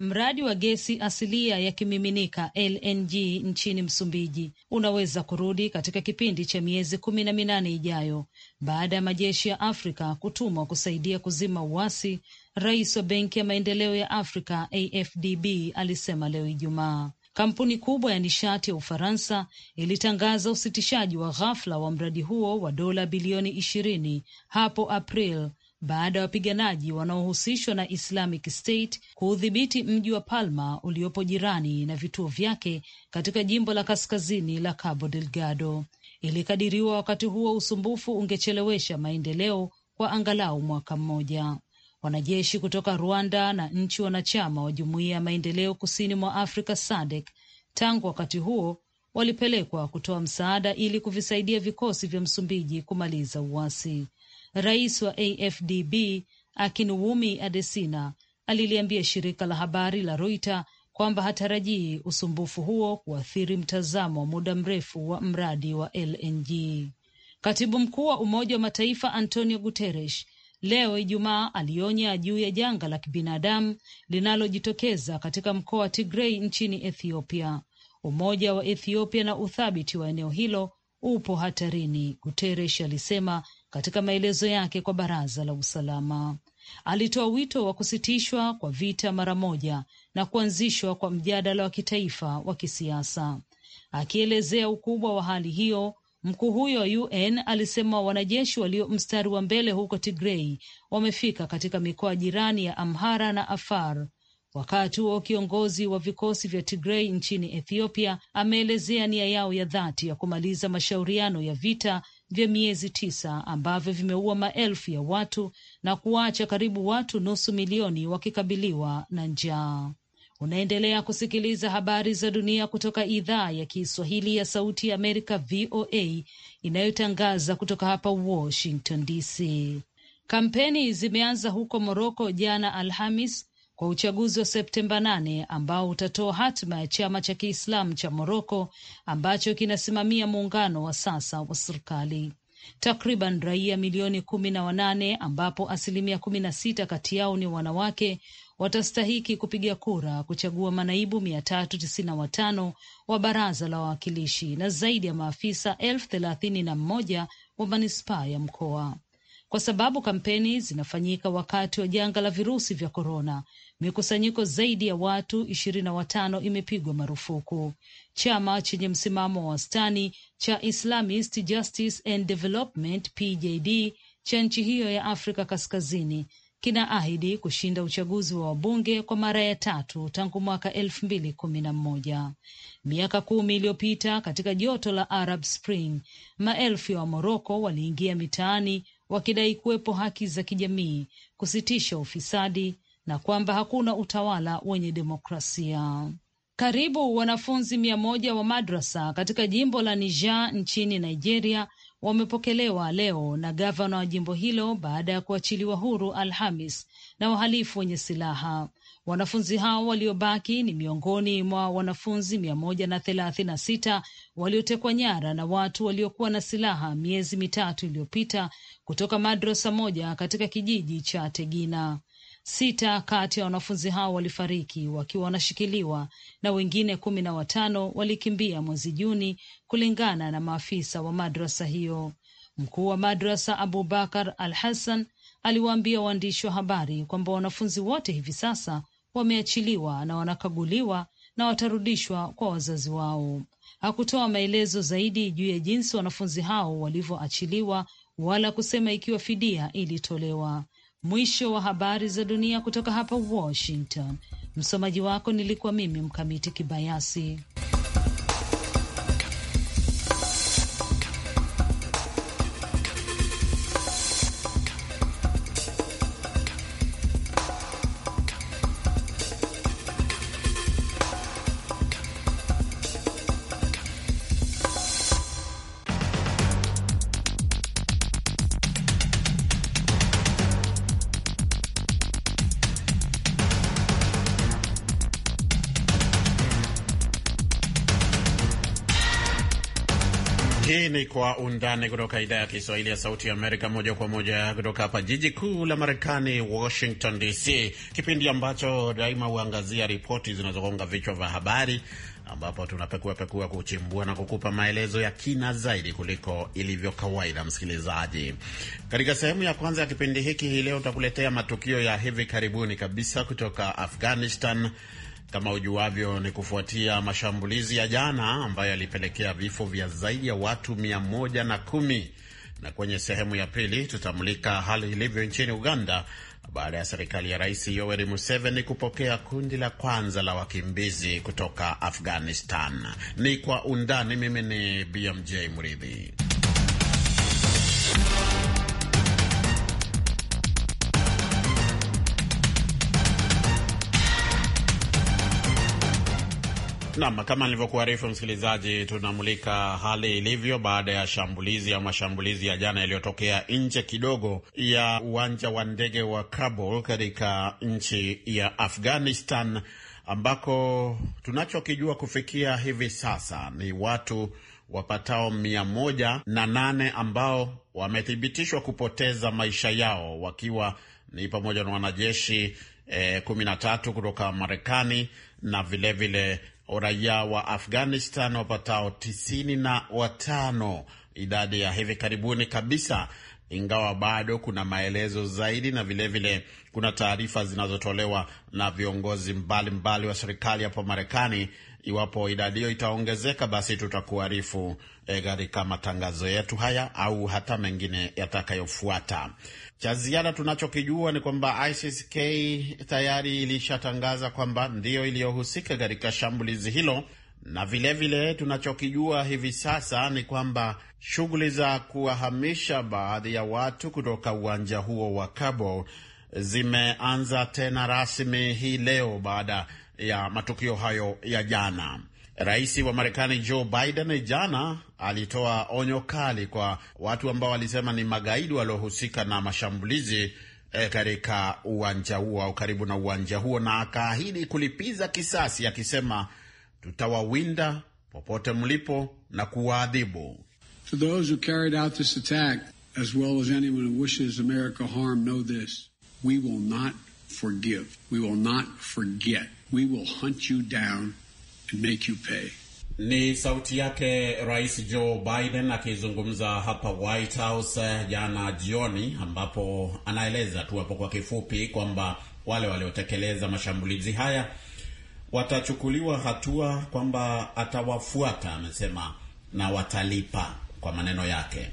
Mradi wa gesi asilia ya kimiminika LNG nchini Msumbiji unaweza kurudi katika kipindi cha miezi kumi na minane ijayo baada ya majeshi ya Afrika kutumwa kusaidia kuzima uasi, rais wa Benki ya Maendeleo ya Afrika AFDB alisema leo Ijumaa. Kampuni kubwa ya nishati ya Ufaransa ilitangaza usitishaji wa ghafla wa mradi huo wa dola bilioni ishirini hapo April baada ya wapiganaji wanaohusishwa na Islamic State kuudhibiti mji wa Palma uliopo jirani na vituo vyake katika jimbo la kaskazini la Cabo Delgado. Ilikadiriwa wakati huo usumbufu ungechelewesha maendeleo kwa angalau mwaka mmoja. Wanajeshi kutoka Rwanda na nchi wanachama wa Jumuiya ya Maendeleo Kusini mwa Afrika SADC tangu wakati huo walipelekwa kutoa msaada ili kuvisaidia vikosi vya Msumbiji kumaliza uasi. Rais wa AFDB Akinwumi Adesina aliliambia shirika la habari la Reuters kwamba hatarajii usumbufu huo kuathiri mtazamo wa muda mrefu wa mradi wa LNG. Katibu mkuu wa Umoja wa Mataifa Antonio Guterres leo Ijumaa alionya juu ya janga la kibinadamu linalojitokeza katika mkoa wa Tigrei nchini Ethiopia. Umoja wa Ethiopia na uthabiti wa eneo hilo upo hatarini, Guterres alisema katika maelezo yake kwa Baraza la Usalama. Alitoa wito wa kusitishwa kwa vita mara moja na kuanzishwa kwa mjadala wa kitaifa wa kisiasa. Akielezea ukubwa wa hali hiyo, mkuu huyo wa UN alisema wanajeshi walio mstari wa mbele huko Tigrei wamefika katika mikoa jirani ya Amhara na Afar. Wakati huo kiongozi wa vikosi vya Tigrei nchini Ethiopia ameelezea nia yao ya dhati ya kumaliza mashauriano ya vita vya miezi tisa ambavyo vimeua maelfu ya watu na kuwacha karibu watu nusu milioni wakikabiliwa na njaa. Unaendelea kusikiliza habari za dunia kutoka idhaa ya Kiswahili ya Sauti ya Amerika, VOA, inayotangaza kutoka hapa Washington DC. Kampeni zimeanza huko Moroko jana Alhamis kwa uchaguzi wa Septemba 8 ambao utatoa hatima ya chama cha Kiislamu cha Moroko ambacho kinasimamia muungano wa sasa wa serikali. Takriban raia milioni kumi na wanane ambapo asilimia kumi na sita kati yao ni wanawake watastahiki kupiga kura kuchagua manaibu mia tatu tisini na watano wa baraza la wawakilishi na zaidi ya maafisa elfu thelathini na mmoja wa manispaa ya mkoa kwa sababu kampeni zinafanyika wakati wa janga la virusi vya korona. Mikusanyiko zaidi ya watu ishirini na watano imepigwa marufuku. Chama chenye msimamo wa wastani cha Islamist Justice and Development PJD cha nchi hiyo ya Afrika Kaskazini kinaahidi kushinda uchaguzi wa wabunge kwa mara ya tatu tangu mwaka elfu mbili kumi na mmoja. Miaka kumi iliyopita katika joto la Arab Spring, maelfu ya Wamoroko waliingia mitaani wakidai kuwepo haki za kijamii, kusitisha ufisadi na kwamba hakuna utawala wenye demokrasia. Karibu wanafunzi mia moja wa madrasa katika jimbo la Niger nchini Nigeria wamepokelewa leo na gavana wa jimbo hilo baada ya kuachiliwa huru Alhamis na wahalifu wenye silaha. Wanafunzi hao waliobaki ni miongoni mwa wanafunzi mia moja na thelathini na sita waliotekwa nyara na watu waliokuwa na silaha miezi mitatu iliyopita kutoka madrasa moja katika kijiji cha Tegina. Sita kati ya wanafunzi hao walifariki wakiwa wanashikiliwa na wengine kumi na watano walikimbia mwezi Juni, kulingana na maafisa wa madrasa hiyo. Mkuu wa madrasa Abubakar Al Hassan aliwaambia waandishi wa habari kwamba wanafunzi wote hivi sasa wameachiliwa na wanakaguliwa na watarudishwa kwa wazazi wao. Hakutoa maelezo zaidi juu ya jinsi wanafunzi hao walivyoachiliwa wala kusema ikiwa fidia ilitolewa. Mwisho wa habari za dunia kutoka hapa Washington. Msomaji wako nilikuwa mimi Mkamiti Kibayasi. kwa undani kutoka idhaa ya Kiswahili ya Sauti ya Amerika, moja kwa moja kutoka hapa jiji kuu la Marekani, Washington DC, kipindi ambacho daima huangazia ripoti zinazogonga vichwa vya habari, ambapo tunapekuapekua kuchimbua na kukupa maelezo ya kina zaidi kuliko ilivyo kawaida. Msikilizaji, katika sehemu ya kwanza ya kipindi hiki hii leo utakuletea matukio ya hivi karibuni kabisa kutoka Afghanistan kama ujuavyo, ni kufuatia mashambulizi ya jana ambayo yalipelekea vifo vya zaidi ya watu mia moja na kumi na kwenye sehemu ya pili tutamulika hali ilivyo nchini Uganda baada ya serikali ya Rais Yoweri Museveni kupokea kundi la kwanza la wakimbizi kutoka Afghanistan. Ni kwa undani. Mimi ni BMJ Mridhi. Naam, kama nilivyokuarifu msikilizaji, tunamulika hali ilivyo baada ya shambulizi au mashambulizi ya jana yaliyotokea nje kidogo ya uwanja wa ndege wa Kabul katika nchi ya Afghanistan, ambako tunachokijua kufikia hivi sasa ni watu wapatao mia moja na nane ambao wamethibitishwa kupoteza maisha yao wakiwa ni pamoja na wanajeshi eh, kumi na tatu kutoka Marekani na vilevile raia wa Afghanistan wapatao tisini na watano, idadi ya hivi karibuni kabisa, ingawa bado kuna maelezo zaidi na vilevile vile kuna taarifa zinazotolewa na viongozi mbalimbali mbali wa serikali hapa Marekani Iwapo idadi hiyo itaongezeka, basi tutakuarifu e, katika matangazo yetu haya au hata mengine yatakayofuata. Cha ziada tunachokijua ni kwamba ICCK tayari ilishatangaza kwamba ndiyo iliyohusika katika shambulizi hilo na vilevile vile, tunachokijua hivi sasa ni kwamba shughuli za kuwahamisha baadhi ya watu kutoka uwanja huo wa Kabul zimeanza tena rasmi hii leo baada ya matukio hayo ya jana. Rais wa Marekani Joe Biden jana alitoa onyo kali kwa watu ambao walisema ni magaidi waliohusika na mashambulizi E, katika uwanja huo au karibu na uwanja huo, na akaahidi kulipiza kisasi, akisema tutawawinda popote mlipo na kuwaadhibu. We will hunt you down and make you pay. Ni sauti yake Rais Joe Biden akizungumza hapa White House eh, jana jioni, ambapo anaeleza tu hapo kwa kifupi kwamba wale waliotekeleza mashambulizi haya watachukuliwa hatua, kwamba atawafuata, amesema na watalipa, kwa maneno yake.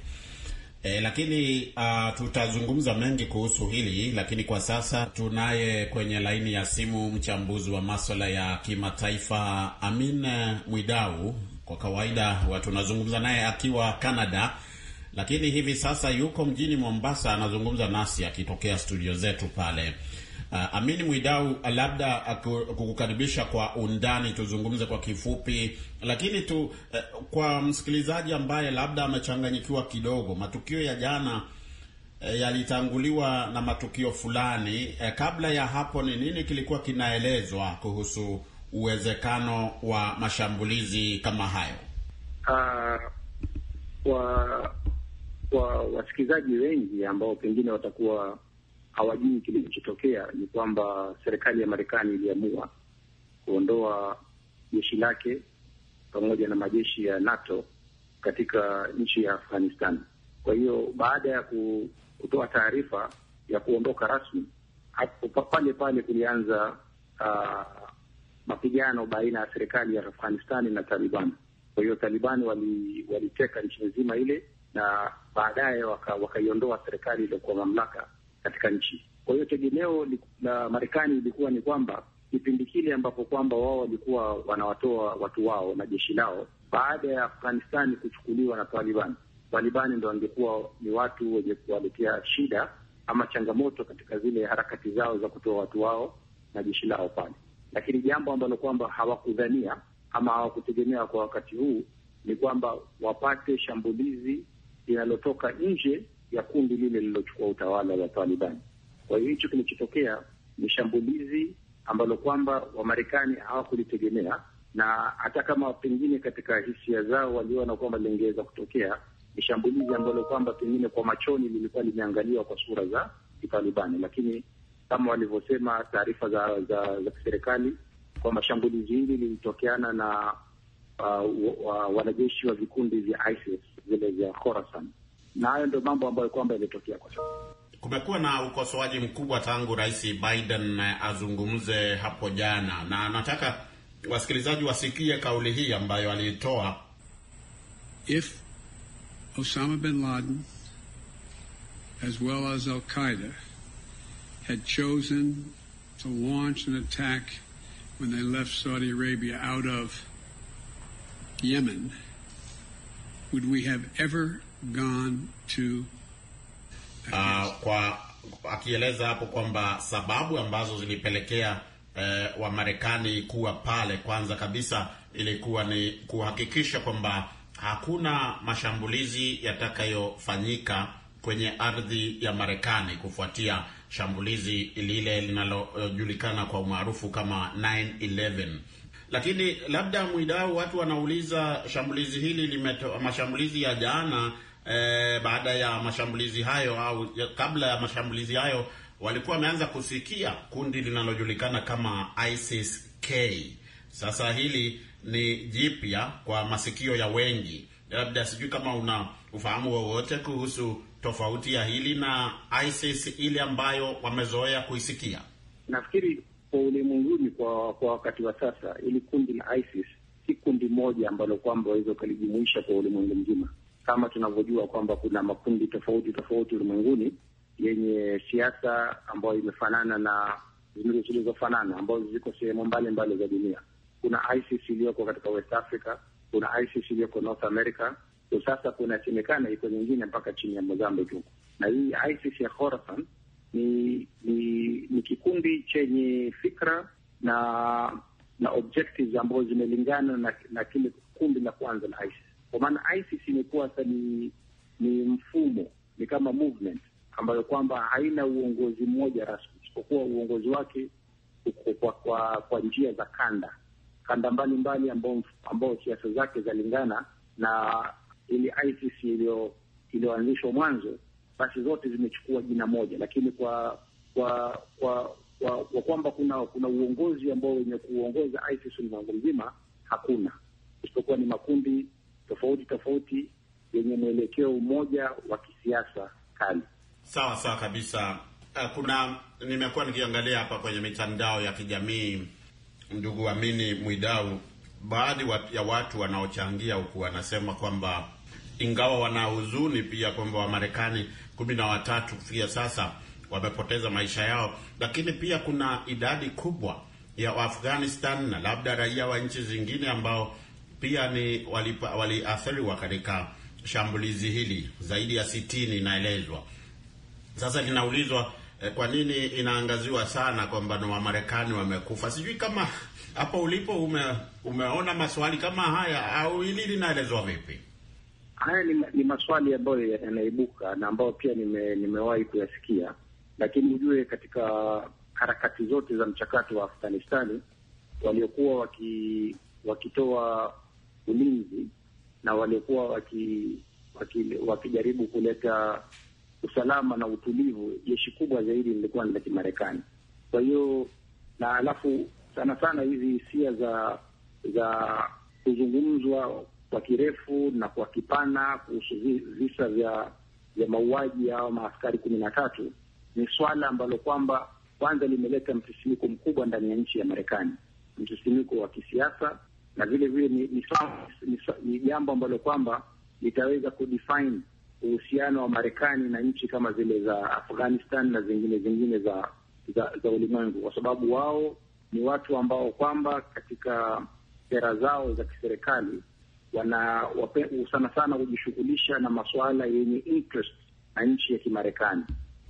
E, lakini uh, tutazungumza mengi kuhusu hili, lakini kwa sasa tunaye kwenye laini ya simu mchambuzi wa maswala ya kimataifa Amin eh, Mwidau. Kwa kawaida tunazungumza naye akiwa Canada, lakini hivi sasa yuko mjini Mombasa, anazungumza nasi akitokea studio zetu pale. Uh, Amini Mwidau, labda kukukaribisha kwa undani, tuzungumze kwa kifupi, lakini tu uh, kwa msikilizaji ambaye labda amechanganyikiwa kidogo, matukio ya jana uh, yalitanguliwa na matukio fulani uh, kabla ya hapo, ni nini kilikuwa kinaelezwa kuhusu uwezekano wa mashambulizi kama hayo? Uh, wa wasikilizaji wengi ambao pengine watakuwa hawajui kilichotokea ni kwamba serikali ya Marekani iliamua kuondoa jeshi lake pamoja na majeshi ya NATO katika nchi ya Afghanistan. Kwa hiyo baada ya kutoa taarifa ya kuondoka rasmi, hapo pale pale kulianza uh, mapigano baina ya serikali ya Afghanistani na Taliban. Kwa hiyo Taliban waliteka wali nchi nzima ile, na baadaye wakaiondoa waka serikali iliyokuwa mamlaka katika nchi. Kwa hiyo tegemeo la Marekani ilikuwa ni kwamba kipindi kile ambapo kwamba wao walikuwa wanawatoa watu wao na jeshi lao baada ya Afghanistani kuchukuliwa na Taliban, Taliban ndo wangekuwa ni watu wenye kuwaletea shida ama changamoto katika zile harakati zao za kutoa watu wao na jeshi lao pale, lakini jambo ambalo kwamba hawakudhania ama hawakutegemea kwa wakati huu ni kwamba wapate shambulizi linalotoka nje ya kundi lile lililochukua utawala la Taliban. Kwa hiyo hicho kilichotokea ni shambulizi ambalo kwamba Wamarekani hawakulitegemea na hata kama pengine katika hisia zao waliona kwamba lingeweza kutokea, ni shambulizi ambalo kwamba pengine kwa machoni lilikuwa limeangaliwa kwa sura za Kitalibani, lakini kama walivyosema taarifa za za, za kiserikali kwamba shambulizi hili lilitokeana na uh, wanajeshi wa vikundi vya ISIS vile vya Khorasan. na hayo ndio mambo ambayo kwamba kwa sasa. Kumekuwa na ukosoaji mkubwa tangu Rais Biden azungumze hapo jana, na nataka wasikilizaji wasikie kauli hii ambayo aliitoa. If Osama bin Laden as well as Al Qaeda had chosen to launch an attack when they left Saudi Arabia out of Yemen, would we have ever uh, kwa akieleza hapo kwamba sababu ambazo zilipelekea eh, Wamarekani kuwa pale, kwanza kabisa ilikuwa ni kuhakikisha kwamba hakuna mashambulizi yatakayofanyika kwenye ardhi ya Marekani kufuatia shambulizi lile linalojulikana kwa umaarufu kama 9/11. Lakini labda mwidau, watu wanauliza shambulizi hili limeto, mashambulizi ya jana eh, baada ya mashambulizi hayo au kabla ya mashambulizi hayo walikuwa wameanza kusikia kundi linalojulikana kama ISIS K. Sasa hili ni jipya kwa masikio ya wengi. Labda sijui kama una ufahamu wowote kuhusu tofauti ya hili na ISIS ile ambayo wamezoea kuisikia. Nafikiri kwa ulimwenguni, kwa kwa wakati wa sasa, ili kundi la ISIS si kundi moja ambalo kwamba waweza ukalijumuisha kwa ulimwengu mzima kama tunavyojua kwamba kuna makundi tofauti tofauti ulimwenguni yenye siasa ambayo imefanana na zilizofanana ambazo ziko sehemu mbalimbali za dunia. Kuna ISIS iliyoko katika West Africa, kuna ISIS iliyoko North America, so sasa kunasemekana iko nyingine mpaka chini ya Mozambique huko, na hii ISIS ya Khorasan ni, ni ni kikundi chenye fikra na na objectives ambazo zimelingana na, na kile kundi la kwanza la ISIS. Kwa maana ICC imekuwa sasa ni, ni mfumo, ni kama movement ambayo kwamba haina uongozi mmoja rasmi, isipokuwa uongozi wake kwa, kwa, kwa, kwa njia za kanda kanda mbalimbali ambao siasa zake zalingana na ili ICC iliyoanzishwa mwanzo, basi zote zimechukua jina moja, lakini kwa kwa kwa kwa kwamba kuna kuna uongozi ambao wenye kuongoza ICC ulimwengu mzima hakuna, isipokuwa ni makundi tofauti tofauti yenye mwelekeo mmoja wa kisiasa kali. Sawa sawa kabisa. Eh, kuna nimekuwa nikiangalia hapa kwenye mitandao ya kijamii, ndugu Amini Mwidau, baadhi ya watu wanaochangia huku wanasema kwamba ingawa wana huzuni pia kwamba Wamarekani kumi na watatu kufikia sasa wamepoteza maisha yao, lakini pia kuna idadi kubwa ya Waafghanistan na labda raia wa nchi zingine ambao pia ni waliathiriwa wali katika shambulizi hili, zaidi ya sitini inaelezwa. Sasa linaulizwa eh, kwa nini inaangaziwa sana kwamba ni Wamarekani wamekufa? Sijui kama hapo ulipo ume, umeona maswali kama haya au hili linaelezwa vipi? Haya ni, ni maswali ambayo ya yanaibuka na ambayo pia nime, nimewahi kuyasikia, lakini ujue katika harakati zote za mchakato wa Afghanistani waliokuwa waki, wakitoa ulinzi na waliokuwa wakijaribu waki, wakijaribu kuleta usalama na utulivu, jeshi kubwa zaidi lilikuwa ni la Kimarekani. Kwa hiyo na alafu sana sana hizi hisia za za kuzungumzwa kwa kirefu na kwa kipana kuhusu visa vya vya mauaji ya maaskari kumi na tatu ni swala ambalo kwamba kwanza limeleta msisimiko mkubwa ndani ya nchi ya Marekani, msisimiko wa kisiasa, na vile vile ni jambo ambalo kwamba litaweza kudefine uhusiano wa Marekani na nchi kama zile za Afghanistan na zingine zingine za za, za ulimwengu, kwa sababu wao ni watu ambao kwamba katika sera zao za kiserikali wana sana sana hujishughulisha na masuala yenye interest na nchi ya Kimarekani.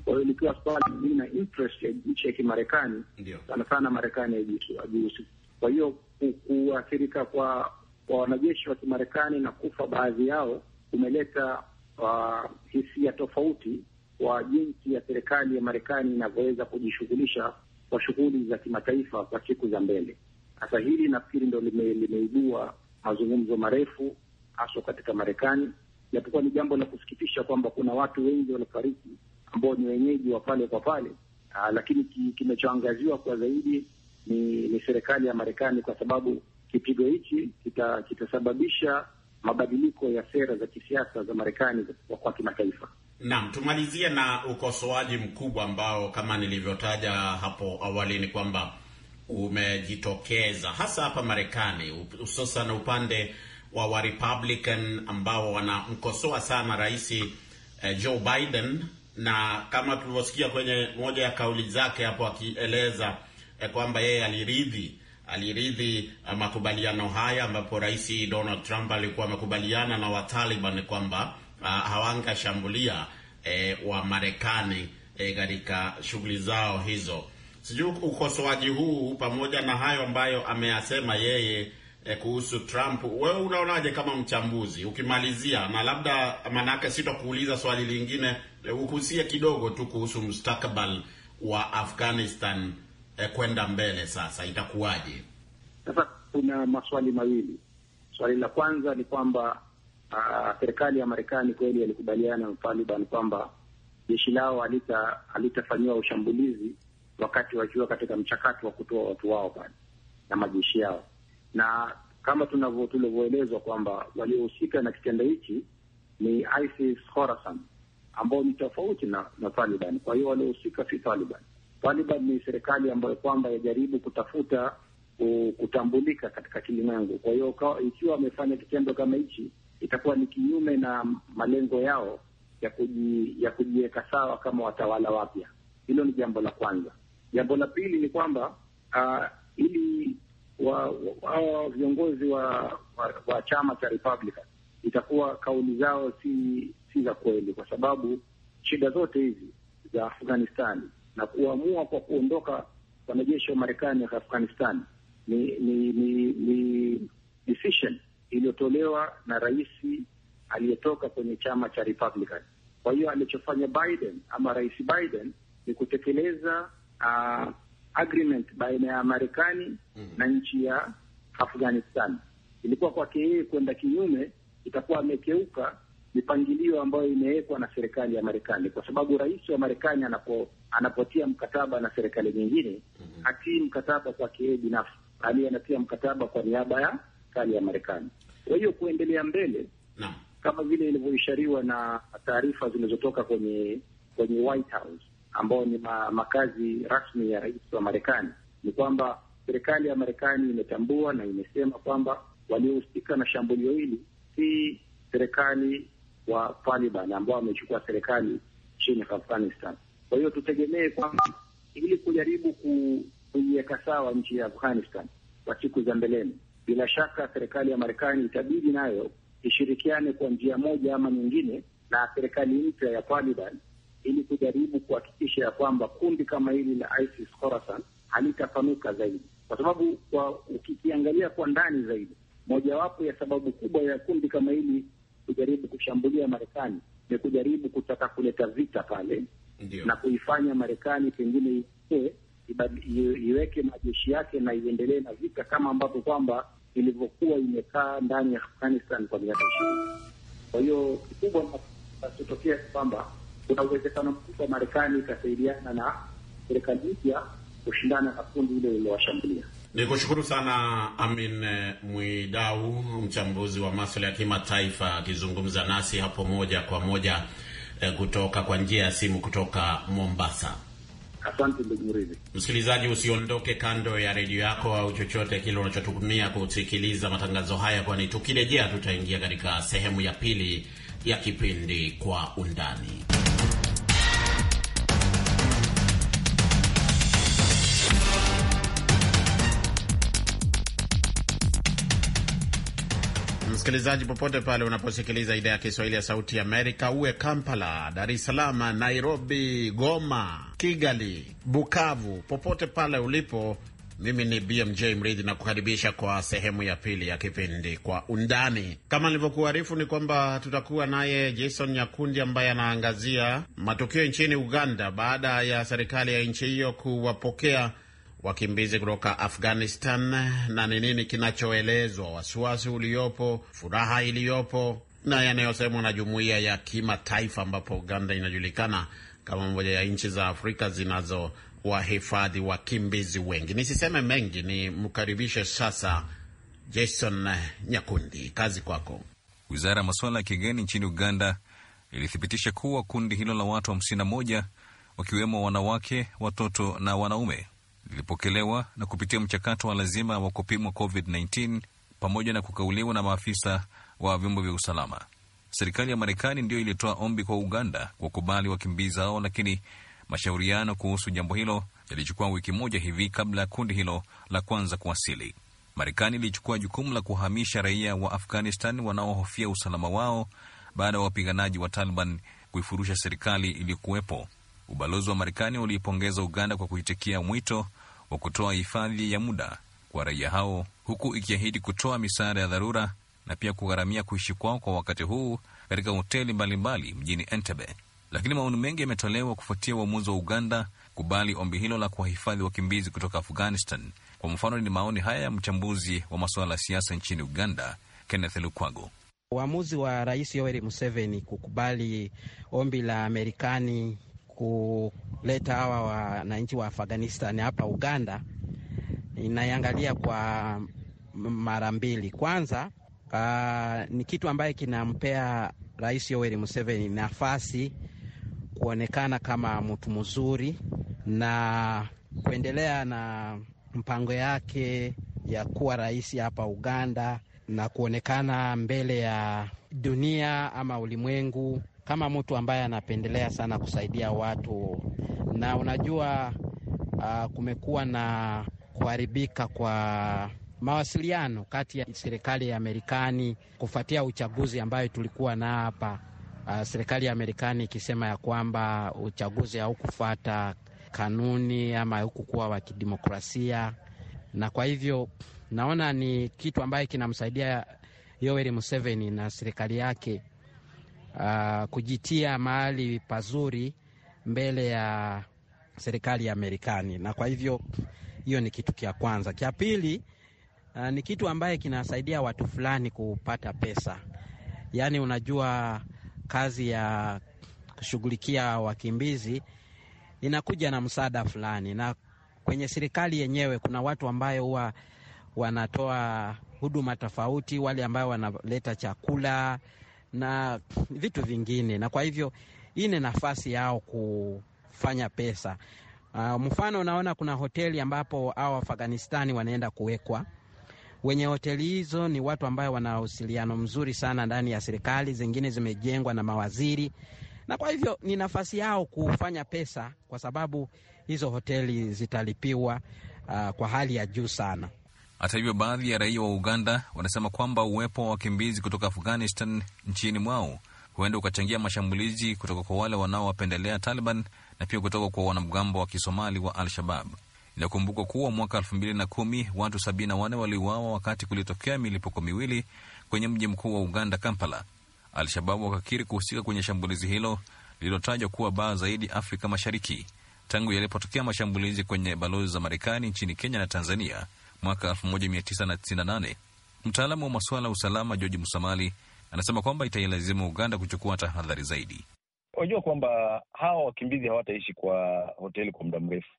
Kwa hiyo likiwa swala lina interest ya nchi ya Kimarekani, sana sana Marekani hajihusishi. Kwa hiyo kuathirika kwa kwa wanajeshi wa Kimarekani na kufa baadhi yao kumeleta uh, hisia tofauti kwa jinsi ya serikali ya Marekani inavyoweza kujishughulisha kwa shughuli za kimataifa kwa siku za mbele. Sasa hili nafikiri ndo lime, limeibua mazungumzo marefu haswa katika Marekani, japokuwa ni jambo la kusikitisha kwamba kuna watu wengi waliofariki ambao ni wenyeji wa pale kwa pale, uh, lakini kimechoangaziwa kwa zaidi ni, ni serikali ya Marekani kwa sababu kipigo hichi kitasababisha kita mabadiliko ya sera za kisiasa za Marekani kwa kimataifa. Naam, tumalizie na ukosoaji mkubwa ambao kama nilivyotaja hapo awali ni kwamba umejitokeza hasa hapa Marekani, hususan upande wa wa Republican ambao wanamkosoa sana rais eh, Joe Biden, na kama tulivyosikia kwenye moja ya kauli zake hapo akieleza kwamba yeye aliridhi aliridhi uh, makubaliano haya ambapo Rais Donald Trump alikuwa amekubaliana na Wataliban kwamba uh, hawangashambulia e, wa Marekani eh, katika e, shughuli zao hizo. Sijui ukosoaji huu pamoja na hayo ambayo ameyasema yeye e, kuhusu Trump, wewe unaonaje kama mchambuzi? Ukimalizia na labda, manake sitokuuliza swali lingine, uhusie kidogo tu kuhusu mustakabali wa Afghanistan eh, kwenda mbele sasa itakuwaje? Sasa kuna maswali mawili. Swali la kwanza ni kwamba ah, serikali ya Marekani kweli yalikubaliana na Taliban kwamba jeshi lao halita halitafanyiwa ushambulizi wakati wakiwa katika mchakato wa kutoa watu wao pale na majeshi yao, na kama tunavyo tulivyoelezwa kwamba waliohusika na kitendo hichi ni ISIS Khorasan ambao ni tofauti na, na Taliban. Kwa hiyo waliohusika si Taliban. Taliban ni serikali ambayo kwamba yajaribu kutafuta kutambulika katika kilimwengu. Kwa hiyo ikiwa wamefanya kitendo kama hichi, itakuwa ni kinyume na malengo yao ya kuji, ya kujiweka sawa kama watawala wapya. Hilo ni jambo la kwanza. Jambo la pili ni kwamba uh, ili hawa viongozi wa, wa, wa chama cha Republican itakuwa kauli zao si si za kweli, kwa sababu shida zote hizi za Afghanistani na kuamua kwa kuondoka wanajeshi wa Marekani ya Afghanistan ni ni ni, ni decision iliyotolewa na rais aliyetoka kwenye chama cha Republican. Kwa hiyo alichofanya Biden ama rais Biden ni kutekeleza uh, agreement baina ya Marekani mm na nchi ya Afghanistan. Ilikuwa kwake yeye kwenda kinyume, itakuwa amekeuka mipangilio ambayo imewekwa na serikali ya Marekani, kwa sababu rais wa Marekani anapo, anapotia mkataba na serikali nyingine mhm. hatii mkataba kwake yeye binafsi, bali anatia mkataba kwa niaba ya serikali ya Marekani. Kwa hiyo kuendelea mbele na, kama vile ilivyoishariwa na taarifa zilizotoka kwenye kwenye White House ambao ni ma, makazi rasmi ya rais wa Marekani ni kwamba serikali ya Marekani imetambua na imesema kwamba waliohusika na shambulio hili si serikali wa Taliban ambao wamechukua serikali nchini Afghanistan. Kwa hiyo tutegemee kwamba ili kujaribu kuiweka sawa nchi ya Afghanistan kwa siku za mbeleni, bila shaka serikali ya Marekani itabidi nayo ishirikiane kwa njia moja ama nyingine na serikali mpya ya Taliban ili kujaribu kuhakikisha ya kwamba kundi kama hili la ISIS Khorasan halitapanuka zaidi, kwa sababu kwa ukikiangalia kwa ndani zaidi, mojawapo ya sababu kubwa ya kundi kama hili kujaribu kushambulia Marekani ni kujaribu kutaka kuleta vita pale Ndiyo. na kuifanya Marekani pengine iweke majeshi yake na iendelee na vita kama ambavyo kwamba ilivyokuwa imekaa ndani ya Afghanistan kwa miaka ishirini. Kwa hiyo kikubwa kinachotokea kwamba kuna uwezekano mkubwa Marekani ikasaidiana na serikali mpya kushindana na kundi ile lililowashambulia. Ni kushukuru sana Amin eh, Mwidau, mchambuzi wa masuala ya kimataifa akizungumza nasi hapo moja kwa moja eh, kutoka kwa njia ya simu kutoka Mombasa. Asante ndugu Mridhi. Msikilizaji, usiondoke kando ya redio yako au chochote kile unachotumia kusikiliza matangazo haya, kwani tukirejea tutaingia katika sehemu ya pili ya kipindi Kwa Undani. Msikilizaji popote pale unaposikiliza idhaa ya Kiswahili ya Sauti Amerika, uwe Kampala, Dar es Salaam, Nairobi, Goma, Kigali, Bukavu, popote pale ulipo, mimi ni BMJ Mridhi na kukaribisha kwa sehemu ya pili ya kipindi Kwa Undani. Kama nilivyokuarifu, ni kwamba tutakuwa naye Jason Nyakundi ambaye anaangazia matukio nchini Uganda baada ya serikali ya nchi hiyo kuwapokea wakimbizi kutoka Afghanistan na ni nini kinachoelezwa, wasiwasi uliopo, furaha iliyopo na yanayosemwa na jumuiya ya kimataifa, ambapo Uganda inajulikana kama moja ya nchi za Afrika zinazo wahifadhi wakimbizi wengi. Nisiseme mengi, ni mkaribishe sasa Jason Nyakundi. Kazi kwako. Wizara ya masuala ya kigeni nchini Uganda ilithibitisha kuwa kundi hilo la watu 51 wakiwemo wanawake, watoto na wanaume lilipokelewa na kupitia mchakato wa lazima wa kupimwa COVID-19 pamoja na kukauliwa na maafisa wa vyombo vya usalama. Serikali ya Marekani ndiyo ilitoa ombi kwa Uganda kukubali wakimbizi hao, lakini mashauriano kuhusu jambo hilo yalichukua wiki moja hivi kabla ya kundi hilo la kwanza kuwasili. Marekani ilichukua jukumu la kuhamisha raia wa Afghanistan wanaohofia usalama wao baada ya wapiganaji wa Taliban kuifurusha serikali iliyokuwepo Ubalozi wa Marekani uliipongeza Uganda kwa kuitikia mwito wa kutoa hifadhi ya muda kwa raia hao, huku ikiahidi kutoa misaada ya dharura na pia kugharamia kuishi kwao kwa wakati huu katika hoteli mbalimbali mjini Entebbe. Lakini maoni mengi yametolewa kufuatia uamuzi wa Uganda kubali ombi hilo la kuwahifadhi wakimbizi kutoka Afghanistan. Kwa mfano, ni maoni haya ya mchambuzi wa masuala ya siasa nchini Uganda, Kenneth Lukwago. Uamuzi wa Rais Yoweri Museveni kukubali ombi la Marekani kuleta hawa wananchi wa Afghanistan hapa Uganda inaiangalia kwa mara mbili. Kwanza uh, ni kitu ambaye kinampea Rais Yoweri Museveni nafasi kuonekana kama mtu mzuri na kuendelea na mpango yake ya kuwa rais hapa Uganda na kuonekana mbele ya dunia ama ulimwengu kama mtu ambaye anapendelea sana kusaidia watu, na unajua uh, kumekuwa na kuharibika kwa mawasiliano kati ya serikali ya Marekani kufuatia uchaguzi ambayo tulikuwa na hapa uh, serikali ya Marekani ikisema ya kwamba uchaguzi haukufuata kanuni ama haukukuwa wa kidemokrasia, na kwa hivyo naona ni kitu ambayo kinamsaidia Yoweri Museveni na serikali yake uh, kujitia mahali pazuri mbele ya serikali ya Marekani, na kwa hivyo hiyo ni kitu cha kwanza. Cha pili uh, ni kitu ambaye kinasaidia watu fulani kupata pesa, yaani unajua kazi ya kushughulikia wakimbizi inakuja na msaada fulani, na kwenye serikali yenyewe kuna watu ambayo huwa wanatoa huduma tofauti, wale ambayo wanaleta chakula na vitu vingine, na kwa hivyo hii ni nafasi yao kufanya pesa. Uh, mfano unaona kuna hoteli ambapo au Afghanistani wanaenda kuwekwa. Wenye hoteli hizo ni watu ambayo wana uhusiano mzuri sana ndani ya serikali, zingine zimejengwa na mawaziri, na kwa hivyo ni nafasi yao kufanya pesa, kwa sababu hizo hoteli zitalipiwa uh, kwa hali ya juu sana. Hata hivyo, baadhi ya raia wa Uganda wanasema kwamba uwepo wa wakimbizi kutoka Afghanistan nchini mwao huenda ukachangia mashambulizi kutoka kwa wale wanaowapendelea Taliban na pia kutoka kwa wanamgambo wa Kisomali wa Al-Shabab. Inakumbukwa kuwa mwaka elfu mbili na kumi watu sabini na wanne waliuawa wakati kulitokea milipuko miwili kwenye mji mkuu wa Uganda, Kampala. Al-Shababu wakakiri kuhusika kwenye shambulizi hilo lililotajwa kuwa baya zaidi Afrika Mashariki tangu yalipotokea mashambulizi kwenye balozi za Marekani nchini Kenya na Tanzania mwaka 1998. Mtaalamu wa masuala ya usalama George Musamali anasema kwamba itailazimu Uganda kuchukua tahadhari zaidi. Unajua kwamba hawa wakimbizi hawataishi kwa hoteli kwa muda mrefu.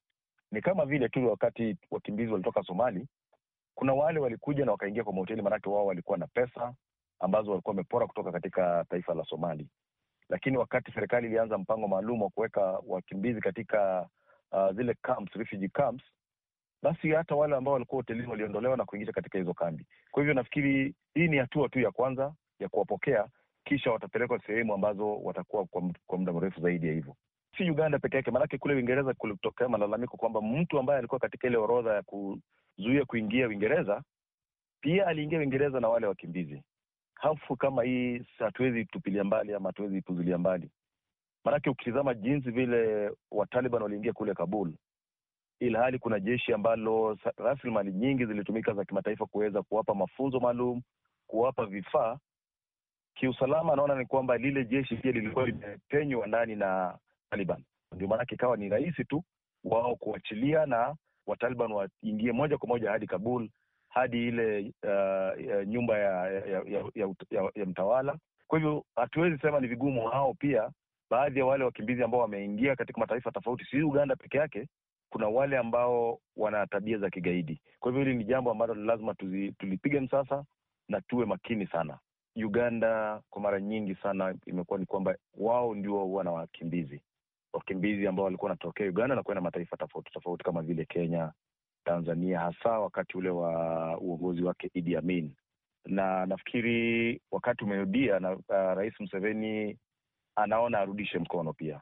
Ni kama vile tu wakati wakimbizi walitoka Somali, kuna wale walikuja na wakaingia kwa mahoteli, maanake wao walikuwa na pesa ambazo walikuwa wamepora kutoka katika taifa la Somali. Lakini wakati serikali ilianza mpango maalum wa kuweka wakimbizi katika uh, zile camps, refugee camps, basi hata wale ambao walikuwa hotelini waliondolewa na kuingisha katika hizo kambi. Kwa hivyo nafikiri hii ni hatua tu ya kwanza ya kuwapokea, kisha watapelekwa sehemu ambazo watakuwa kwa muda mrefu zaidi ya hivyo. Si Uganda peke yake, maanake kule Uingereza kulitokea malalamiko kwamba mtu ambaye alikuwa katika ile orodha ya kuzuia kuingia Uingereza pia aliingia Uingereza na wale wakimbizi. Hafu kama hii hatuwezi tupilia mbali ama hatuwezi puzulia mbali, maanake ukitizama jinsi vile Wataliban waliingia kule Kabul ila hali kuna jeshi ambalo rasilimali nyingi zilitumika za kimataifa kuweza kuwapa mafunzo maalum, kuwapa vifaa kiusalama. Anaona ni kwamba lile jeshi pia lilikuwa limepenywa ndani na Taliban, ndio maanake ikawa ni rahisi tu wao kuachilia na Wataliban waingie moja kwa moja hadi Kabul hadi ile uh, nyumba ya ya, ya, ya, ya ya mtawala. Kwa hivyo hatuwezi sema ni vigumu hao pia, baadhi ya wale wakimbizi ambao wameingia katika mataifa tofauti, si Uganda peke yake, kuna wale ambao wana tabia za kigaidi. Kwa hivyo hili ni jambo ambalo lazima tulipige msasa na tuwe makini sana. Uganda kwa mara nyingi sana imekuwa ni kwamba wao ndio huwa na wakimbizi, wakimbizi ambao walikuwa wanatokea Uganda na kuenda mataifa tofauti tofauti kama vile Kenya, Tanzania, hasa wakati ule wa uongozi wake Idi Amin. Na nafikiri wakati umerudia na uh, Rais Museveni anaona arudishe mkono pia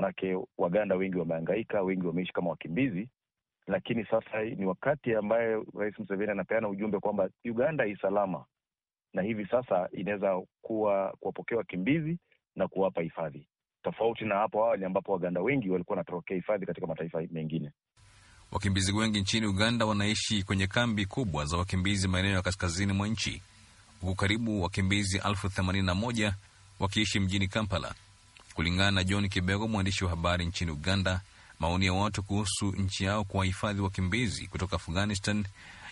Manake Waganda wengi wameangaika wengi wameishi kama wakimbizi, lakini sasa ni wakati ambaye Rais mseveni anapeana ujumbe kwamba Uganda i salama na hivi sasa inaweza kuwa kuwapokea wakimbizi na kuwapa hifadhi, tofauti na hapo awali ambapo Waganda wengi walikuwa wanatorokea hifadhi katika mataifa mengine. Wakimbizi wengi nchini Uganda wanaishi kwenye kambi kubwa za wakimbizi maeneo ya kaskazini mwa nchi, huku karibu wakimbizi 81 wakiishi mjini Kampala. Kulingana na John Kibego, mwandishi wa habari nchini Uganda, maoni ya watu kuhusu nchi yao kwa wahifadhi wakimbizi kutoka Afghanistan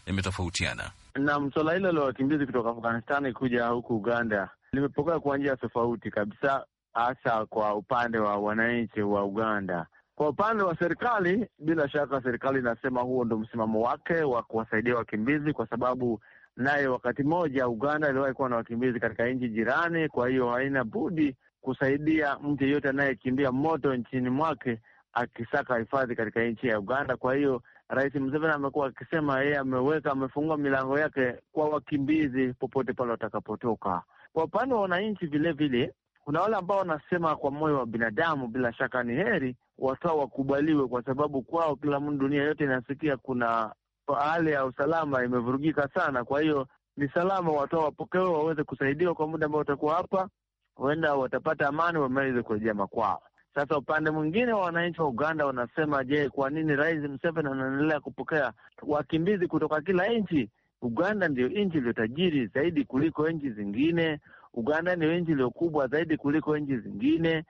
yametofautiana. Naam, swala hilo la wakimbizi kutoka Afghanistan kuja huku Uganda limepokea kwa njia tofauti kabisa, hasa kwa upande wa wananchi wa Uganda. Kwa upande wa serikali, bila shaka serikali inasema huo ndo msimamo wake wa kuwasaidia wakimbizi, kwa sababu naye wakati mmoja Uganda iliwahi kuwa na wakimbizi katika nchi jirani, kwa hiyo haina budi kusaidia mtu yeyote anayekimbia moto nchini mwake akisaka hifadhi katika nchi ya Uganda. Kwa hiyo Rais Museveni amekuwa akisema yeye ameweka, amefungua milango yake kwa wakimbizi popote pale watakapotoka. Kwa upande wa wananchi vilevile, kuna wale ambao wanasema kwa moyo wa binadamu, bila shaka ni heri watu wakubaliwe, kwa sababu kwao, kila mtu, dunia yote inasikia kuna hali ya usalama imevurugika sana. Kwa hiyo ni salama watu wapokewe, waweze kusaidiwa kwa muda ambao watakuwa hapa, huenda watapata amani, wamalize kurejea makwao. Sasa upande mwingine wa wananchi wa Uganda wanasema, je, kwa nini Rais Museveni anaendelea kupokea wakimbizi kutoka kila nchi? Uganda ndio nchi iliyotajiri zaidi kuliko nchi zingine. Uganda ndio nchi iliyokubwa zaidi kuliko nchi zingine,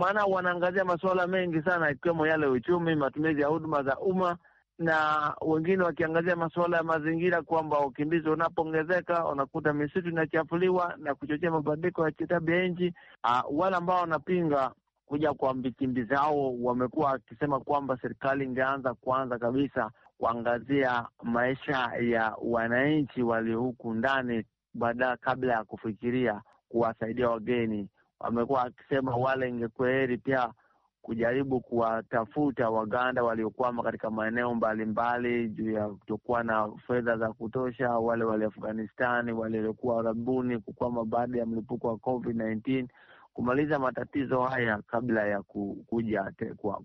maana wanaangazia masuala mengi sana, ikiwemo yale ya uchumi, matumizi ya huduma za umma na wengine wakiangazia masuala ya mazingira kwamba ukimbizi unapoongezeka unakuta misitu inachafuliwa na kuchochea mabadiliko ya tabia nchi. Uh, wale ambao wanapinga kuja kwa vikimbizi hao wamekuwa wakisema kwamba serikali ingeanza kwanza kabisa kuangazia maisha ya wananchi walio huku ndani, baada kabla ya kufikiria kuwasaidia wageni. Wamekuwa wakisema wale ingekuwa heri pia kujaribu kuwatafuta Waganda waliokwama katika maeneo mbalimbali juu ya kutokuwa na fedha za kutosha, wale wale Afghanistani waliokuwa Arabuni kukwama baada ya mlipuko wa Covid 19 kumaliza matatizo haya kabla ya kuja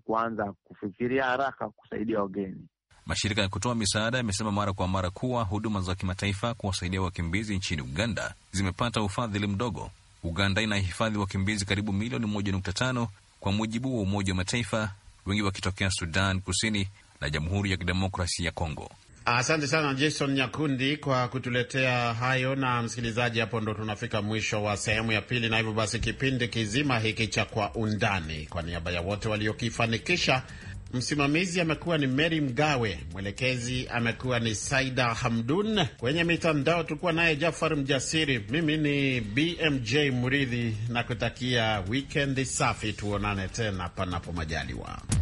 kuanza kufikiria haraka kusaidia wageni. Mashirika ya kutoa misaada yamesema mara kwa mara kuwa huduma za kimataifa kuwasaidia wakimbizi nchini Uganda zimepata ufadhili mdogo. Uganda inahifadhi wakimbizi karibu milioni moja nukta tano kwa mujibu wa Umoja wa Mataifa, wengi wakitokea Sudan Kusini na Jamhuri ya Kidemokrasi ya Kongo. Asante sana Jason Nyakundi kwa kutuletea hayo. Na msikilizaji, hapo ndo tunafika mwisho wa sehemu ya pili, na hivyo basi kipindi kizima hiki cha Kwa Undani, kwa niaba ya wote waliokifanikisha Msimamizi amekuwa ni Mary Mgawe, mwelekezi amekuwa ni Saida Hamdun. Kwenye mitandao tulikuwa naye Jafar Mjasiri. Mimi ni BMJ Muridhi na kutakia wikendi safi, tuonane tena panapo majaliwa.